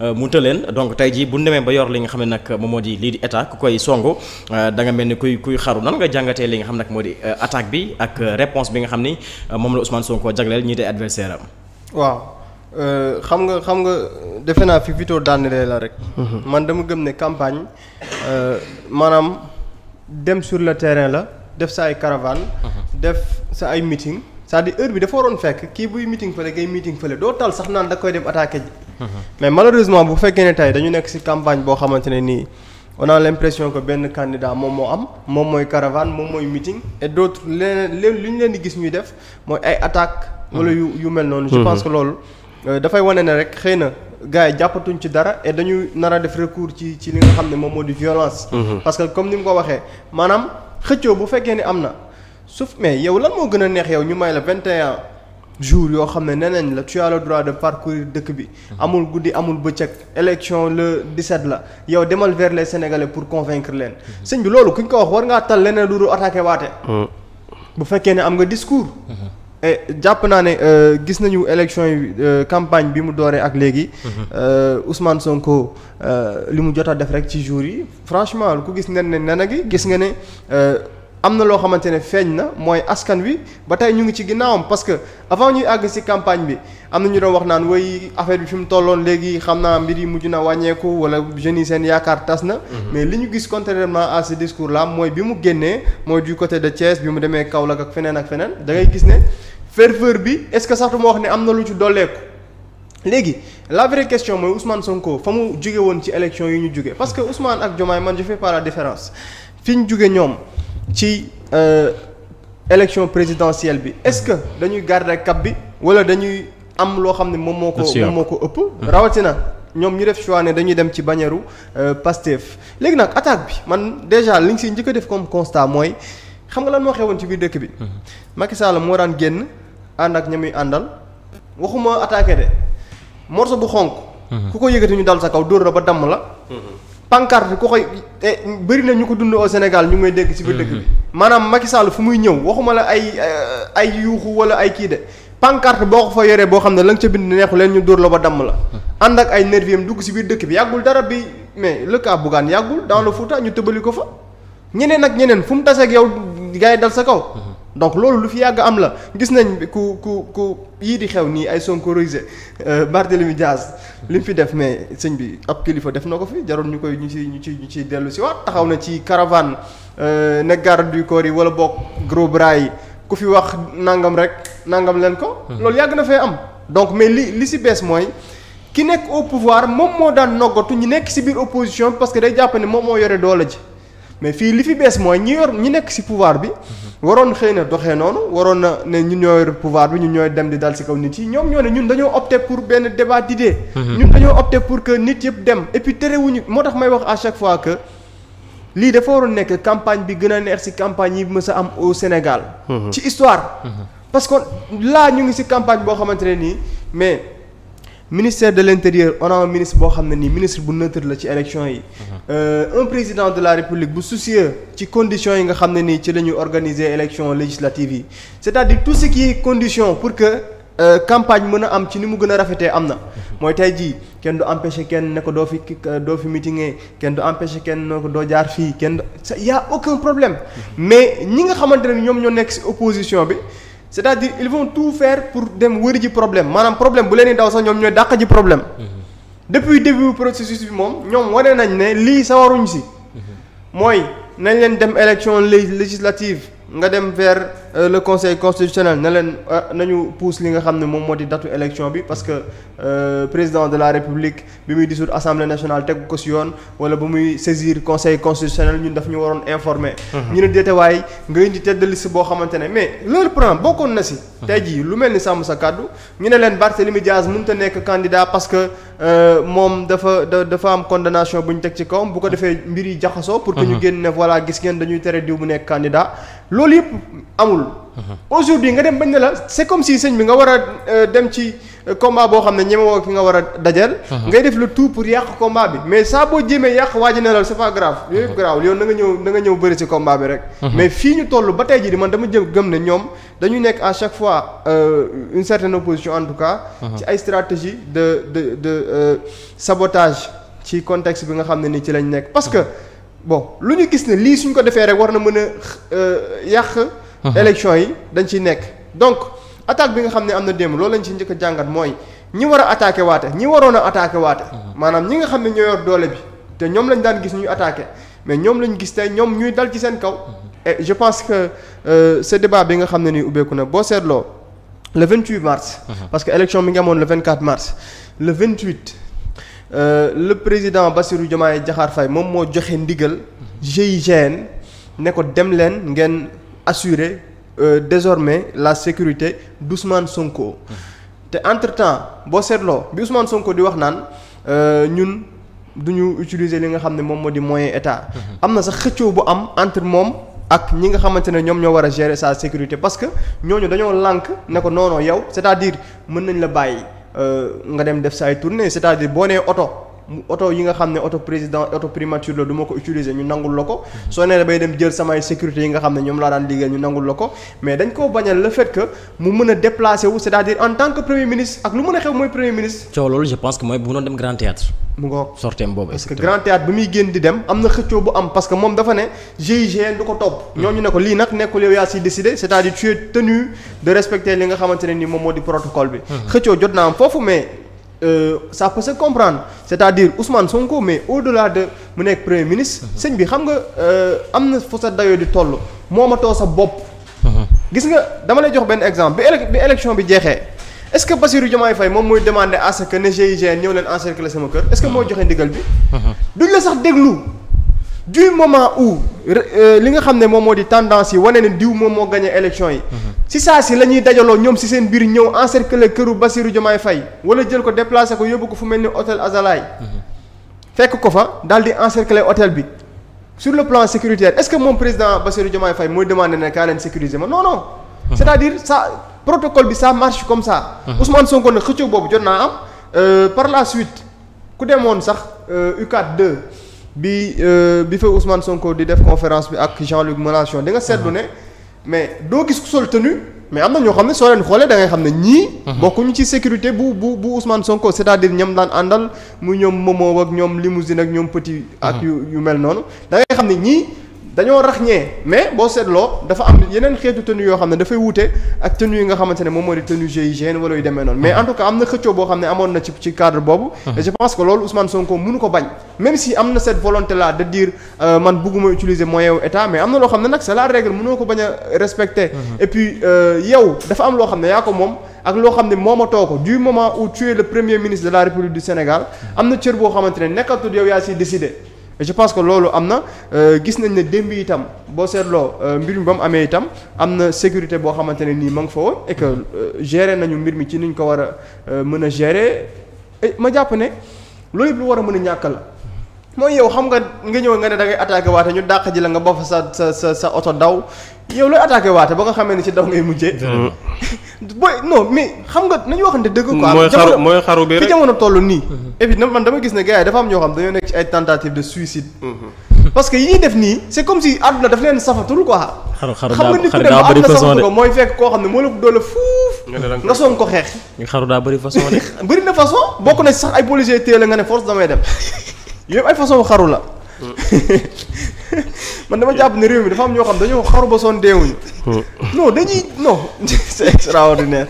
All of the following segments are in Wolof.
Euh, mu leen donc tey jii bu ñu ba yor li nga xam ne nag moom moo di lii di état ku koy songu euh, danga mel ni kuy kuy xaru nan nga jàngatee li nga xam nag moo di euh, attaque bi ak réponse bi nga xam ni moom la Ousmane Sonko jagleel ñi di adversaire am. waaw xam nga xam nga defe naa fi Vito daanelee la rek. Mhm. man dama gëm ne campagne maanaam dem sur le terrain la def sa ay caravane. Mhm. def sa ay meeting. c'est-à-dire heure bi dafa waroon fekk kii buy meeting fële ngay meeting fële doo tal mais malheureusement bu fekkee ne tey dañu nekk ci campagne boo xamante ne nii on a l'impression ko benn candidat moom moo am moom mooy caravane moom mooy meeting et d'autres leneen leen li ñu leen di gis ñuy def mooy ay attaques. wala yu yu mel noonu. je mhm. pense loolu euh, dafay wane ne rek xëy na gars yi jàppatuñ ci dara et dañuy nar a def recours ci ci li nga xam ne moom moo di violence. Mhm. parce que comme ni mu ko waxee maanaam xëccoo bu fekkee ni am na suuf mais yow lan moo gën a neex yow ñu may la 21. jour yoo xam ne neneen la tu as le droit de parcourir dëkk bi. Mhm. amul guddi amul bëccëg élection le di 17 la yow demal vers les pour convaincre leen. Mhm. sëñ bi loolu ki ñu ko wax war ngaa tal leneen lu dul attaqué waate. Euh. bu fekkee ne am nga discours. Mhm. jàpp naa ne euh, gis nañu élection yi euh, campagne bi mu dooree ak léegi. Ousmane Sonko li mu jot a def rek ci jour yi franchement ku gis nen ne nena gi gis nga ne. am na loo xamante ne feeñ na mooy askan wi ba tey ñu ngi ci ginnaawam parce que avant ñuy àgg ci campagne bi am na ñu doon wax naan woy affaire bi fi mu tolloon léegi xam naa mbir yi mujj na wàññeeku wala jeunes yi seen yaakaar tas na. Mhm. mais li ñu gis contrairement à ce discours là mooy bi mu génnee mooy du côté de Thiès bi mu demee kaw Kaolack ak feneen ak feneen da ngay gis ne ferveur bi est-ce que sax du wax ne am na lu ci dolleeku. léegi la vraie question mooy Ousmane Sonko fa mu jóge woon ci élection yi ñu jóge parce que ak Diomaye man je fais pas la fi ñu jóge ñoom ci euh, élection présidentielle bi est-ce que dañuy garder cap bi wala dañuy am loo xam ne moom moo ko moom moo ko ëpp uh-huh. rawatina ñoom ñu def choix ne dañuy dem ci bañeeru euh, Pastef léegi nag attaque bi man déjà li nga si njëkk def comme constat mooy xam nga lan moo xewoon ci biir dëkk bi uh-huh. Macky Sall moo daan génn ànd ak ña muy àndal waxuma attaque de morceau bu xonq uh-huh. ku ko yëgati ñu dal sa kaw dóor la ba damm la pancarte bi ku koy bëri na ñu ko dund au Sénégal ñu ngi may dégg. ci biir dëkk bi maanaam Macky Sall fu muy ñëw waxuma la ay euh, ay yuuxu wala ay kii de pancarte boo ko fa yoree boo xam ne la nga ca bind neexu leen ñu dóor la ba damm la. ànd ak ay nerviem dugg ci biir dëkk bi yàggul dara bi mais le cas Bougane yàggul dans le Fouta ñu tëbali ko fa ñeneen ak ñeneen fu mu taseeg yow gars yi dal sa kaw. donc loolu lu fi yàgg am la gis nañ ku ku ku yii di xew nii ay sonkorisé euh, Barthélemy Diaz li mu fi def mais sëñ bi ab kilifa def na ko fi jaroon ñu koy ñu ci ñu ci ñu ciy dellu si taxaw na ci caravane euh, ne garde du corps yi wala boog gros bras yi ku fi wax nangam rek nangam leen ko. Hmm. loolu yàgg na fee am. donc mais li li si bees mooy ki nekk au pouvoir moom moo daan noggatu ñu nekk ci biir opposition parce que day jàpp ne moom moo yore doole ji mais fii li fi bees mooy ñi yor ñi nekk si pouvoir bi. Hmm. waroon xëy na doxe noonu waroon na ne ñun ñooy pouvoir bi ñun ñooy dem di dal ci kaw nit yi ñoom ñoo ne ñun dañoo opté pour benn débat d'idées mhm. ñun dañoo opté pour que nit yëpp dem et terewuñu moo tax may wax à chaque fois que lii dafa waroon nekk campagne bi gën a neex ci campagne yi mës a am au Sénégal. Mhm. ci histoire. Mhm. parce que là ñu ngi ci campagne boo xamante ne nii mais. ministère de l' intérieur on a ministre boo xam ne nii ministre bu neutre la ci élection yi. Euh, un président de la république bu soucieux ci conditions yi nga xam ne nii ci lañuy ñuy organiser élection législative yi c' à dire tout ce qui condition pour que euh, campagne mën a am ci ni mu gën a rafetee am na. mooy tey jii kenn du empêcher kenn ne ko doo fi euh, doo fi meetingee kenn du empêcher kenn ne ko doo jaar fii kenn y' a aucun problème mais ñi nga xamante ne ñoom ñoo nekk si opposition bi. c'est-à-dire ils vont tout fair pour dem wëri ji problème maanaam problème bu leen di daw sax ñoom ñooy dàq ji problème mhm. depuis début processus bi moom ñoom wane nañ ne lii sawaruñ si mhm. mooy nañ leen dem élection législative nga dem vers Euh, le conseil constitutionnel na leen euh, nañu pousse li nga xam ne moom moo di datu élection bi parce que euh, président de la république bi muy dissoudre assemblée nationale tegu ko si yoon wala ba muy saisir conseil constitutionnel ñun daf ñu waroon informer. Mhm. ñu ne déetewaay nga indi tête de si boo xamante ne mais leur plan bokkoon na si. Mhm. tey jii lu mel ni sàmm sa kàddu ñu ne leen Barthélemy Diaz mënut te nekk candidat parce que euh, moom dafa dafa am condamnation bu ñu teg ci kawam bu ko defee mbir yi jaxasoo. pour que ñu mhm. génn ne voilà gis ngeen dañuy tere mu nekk candidat loolu yëpp amul. Mm-hmm. aujourd'hui nga dem bañ ne la c'est comme si sëñ bi nga war a euh, dem ci euh, combat boo xam ne ñeme woo ki nga war a dajal. Mm-hmm. ngay def le tout pour yàq combat bi mais saa boo jéemee yàq waa ji ne la c'est pas grave mm-hmm. yooyu yëpp grave yow na nga ñëw na nga ñëw bëri si combat bi rek. mais fii ñu toll ba tey jii di man dama jëm gëm ne ñoom dañu nekk à chaque fois euh, une certaine opposition en tout cas. ci ay stratégie de de de sabotage ci contexte bi nga xam ne ni ci lañ nekk parce que bon lu ñu gis ne lii suñ ko defee rek war na mën a yàq. Uh-huh. élection yi dañ ciy nekk donc attaque bi nga xam ne am na démb loolu lañ ci njëkk jàngat mooy ñi war a attaqué waate ñi waroon a attaqué waate uh-huh. maanaam ñi nga xam ne ñoo yor doole bi te ñoom lañ daan gis ñuy attaqué mais ñoom lañ gis tey ñoom ñuy dal ci seen kaw uh-huh. et je pense que euh, de débat bi nga xam ne ni ubbeeku na boo seetloo le 28 mars uh parce que élection mi ngi amoon le 24 mars le 28 euh, le président Bassirou Diomaye Diakhar fay moom moo joxe ndigal GIGN ne ko dem leen ngeen assurer euh, désormais la sécurité d'Ousmane Sonko. te entre temps boo seetloo bi Ousmane Sonko di wax naan euh, ñun du ñu utiliser li nga xam ne moom moo di moyen état. Mhm. am na sax xëccoo bu am entre moom. ak ñi nga xamante ne ñoom ñoo war a gérer sa sécurité parce que ñooñu dañoo lànk ne ko non non yow c'est-à-dire mën nañ la bàyyi euh, nga dem def say tournée c'est-à-dire boo nee oto. mu oto yi nga xam ne oto président oto primature la du ko utiliser ñu nangul la ko soo nee bay dem jël samay sécurité yi nga xam ne ñoom laa daan liggéey ñu nangul la ko mais dañ koo bañal le fait que mu mën a déplacer wu c'est-à-dire en tant que premier ministre ak lu mën a xew mooy premier ministre coow loolu je pense que mooy bu noon dem grand théâtre mu ngoog sorteem boobu parce que grand théâtre bi muy génn di dem am na xëccoo bu am parce mm. xamante ne ni moom moo di protocole bi mm. xëccoo jot na Euh, ça peut se comprendre c'est-à-dire Ousmane Sonko mais au-delà de mu nekk premier ministre. Mhm. sëñ bi xam nga euh, am na fu sa dayoo di toll ma too sa bopp. Mhm. gis nga dama lay jox benn exemple bi élec bi élection bi jeexee est-ce que Bassirou Diomaye Faye moom mooy demande à ce ne GIGN ñëw leen encercler sama kër est-ce que moo mhm. joxe ndigal bi. duñ la sax déglu du moment où euh, li nga xam ne moom moo di tendance yi wane ne diw moom moo gagné élection yi. ci saa si la ñuy dajaloo ñoom si seen biir ñëw encercler këru Bassirou Diomaye fay wala jël ko déplacé ko yóbbu ko fu mel ni hôtel Azalaï mhm. fekk ko fa daal di encercler hôtel bi sur le plan sécuritaire est-ce que moom président Bassirou Diomaye fay mooy demandé ne kaa leen sécuriser ma non non. Mhm. c'est-à-dire ça protocole bi ça marche comme ça. Mhm. Ousmane Sonko nag xëccoo boobu jot naa am. Euh, par la suite ku demoon sax UCAD euh, 2 bi euh, bi fa Ousmane Sonko di def conférence bi ak Jean-Luc di nga seetlu ne. mais doo gis ku sol tenue mais am na ñoo xam ne soo leen xoolee da ngay xam ne ñii. Mhm. bokkuñu ci sécurité bu bu bu Ousmane Sonko c'est-à-dire ñam daan àndal mu ñoom Momo ak ñoom limousine ak ñoom petit. ak mhm. yu yu mel noonu da xam ne ñii. dañoo raxñee mais boo seetloo dafa am yeneen xeetu tenue yoo xam ne dafay wute ak tenue yi nga xamante ne moom moo di tenue GIGN wala yu demee noonu mais en tout cas am na xëccoo boo xam ne na ci ci cadre boobu et je pense que loolu Ousmane Sonko mënu am na euh, moyen wu état mais am loo xam ne nag c'est la règle mënoo ko bañ a respecter et puis euh, yow dafa am loo xam ne yaa ko moom ak loo xam ne moomatoo ko du moment où tu es le premier ministre de la République du Sénégal am na cër boo xamante ne nekkatul yow yaa siy décider je pense que loolu am na euh, gis nañ ne démb itam boo seetloo euh, mbir mi ba mu amee itam am na sécurité boo xamante ne nii ma nga fa woon et que euh, nañu mbir mi ci niñ ko war a mën a gérer ma jàpp ne loolu yëpp lu war a mën a ñàkk la mooy yow xam nga nga ñëw nga ne da ngay attaqué waate ñu dàq ji la nga ba fa sa sa sa sa oto daw yow looy attaqué waate ba nga xamee ne ci daw ngay mujjee. booy non mais xam nga nañu waxante toll nii. Mm-hmm. dama gis ne gars yi dafa am ñoo xam dañoo nekk ci ay tentative de mm-hmm. xaru xaru daa xaru façon de xam mooy fekk koo xam ne moo la ko doole daa bëri façon de. na façon bokk na sax ay policiers téye nga ne force damay dem yooyu ay façon xaru la. Mm. man dama jàpp ne réew mi dafa am ñoo xam dañoo xaru ba sonn deewuñu. Mm. non dañuy non c'est extraordinaire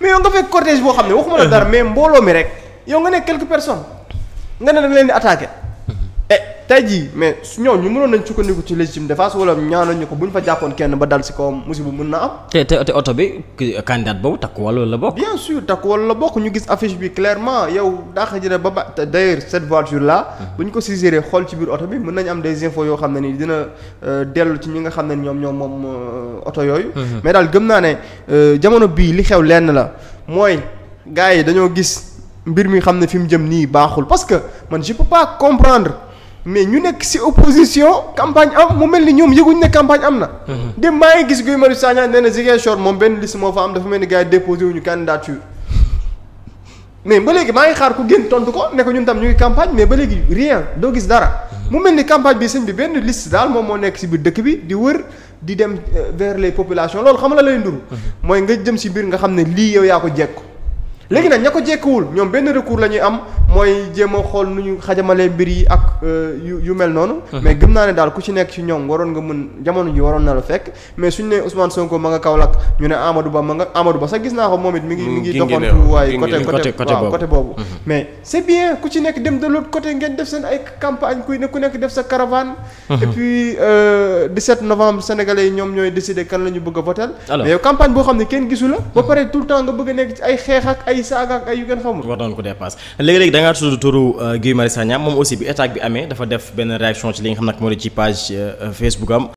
mais yow nga fekk cortège boo xam ne waxuma la dara mais mbooloo mi rek yow nga nekk quelques personne nga ne da nga leen di attaquer. tey jii mais ñoo ñu mënoon nañ sukkandiku ci légitime défense wala ñaanoon ñu ko bu ñu fa jàppoon kenn ba dal si kawam musiba mën na am. te te oto bi candidat boobu takku wàllu la bokk. bien sûr takku wàllu la ñu gis affiche bi clairement yow daax ji ne ba ba te d'ailleurs cette voiture là. bu ñu ko saisiree xool ci biir oto bi mën nañ am des infos yoo xam ne ni dina euh, dellu ci ñi nga xam ne ñoom ñoom moom euh, yooyu. mais daal gëm naa ne euh, jamono bii li xew lenn la mooy gars yi dañoo gis mbir mi xam ne fi mu jëm nii baaxul parce que man je peux mais ñu nekk ci opposition campagne am mu mel ni ñoom yëguñ ne campagne am na. Mhm. dem maa ngi gis Guy Marius Sagna nee na Ziguinchor moom benn liste moo fa am dafa mel ni gars yi déposé wuñu candidature. mais ba léegi maa ngi xaar ku génn tontu ko nekk ko ñun tam ñu ngi campagne mais ba léegi rien doo gis dara. Mhm. mu mel ni campagne bi sëñ bi benn liste daal moom moo nekk ci biir dëkk bi di wër di dem euh, vers les populations loolu xam la lay nduru mhm. mooy nga jëm ci biir nga xam ne lii yow yaa ko jekku léegi nag ña ko ñoom benn recours la ñuy am mooy jéem xool nu ñu xajamalee mbir yi ak euh, yu yu mel noonu. Mhm. mais gëm naa ne daal ku ci nekk ci ñoom waroon nga mën jamono ji waroon na la fekk mais suñu ne Ousmane Sonko ma nga Kaolack ñu ne Amadou Ba ma nga Amadou Ba sax gis naa ko moom it. mi ngi mi ngi doxantu waaye côté côté waaw côté boobu. Mhm. mais c'est bien ku ci nekk dem de l'autre ngeen def seen ay campagne kuy ne ku nekk def sa caravane. Mhm. et puis 17 euh, novembre sénégalais ñoom ñooy décider a boo xam ne kenn gisu la. ba pare bëgg nekk ci nga tudd turu Guy Marius Sagna moom aussi bi attaque bi amee dafa def benn réaction ci li nga xam nag moo di ci page euh, Facebook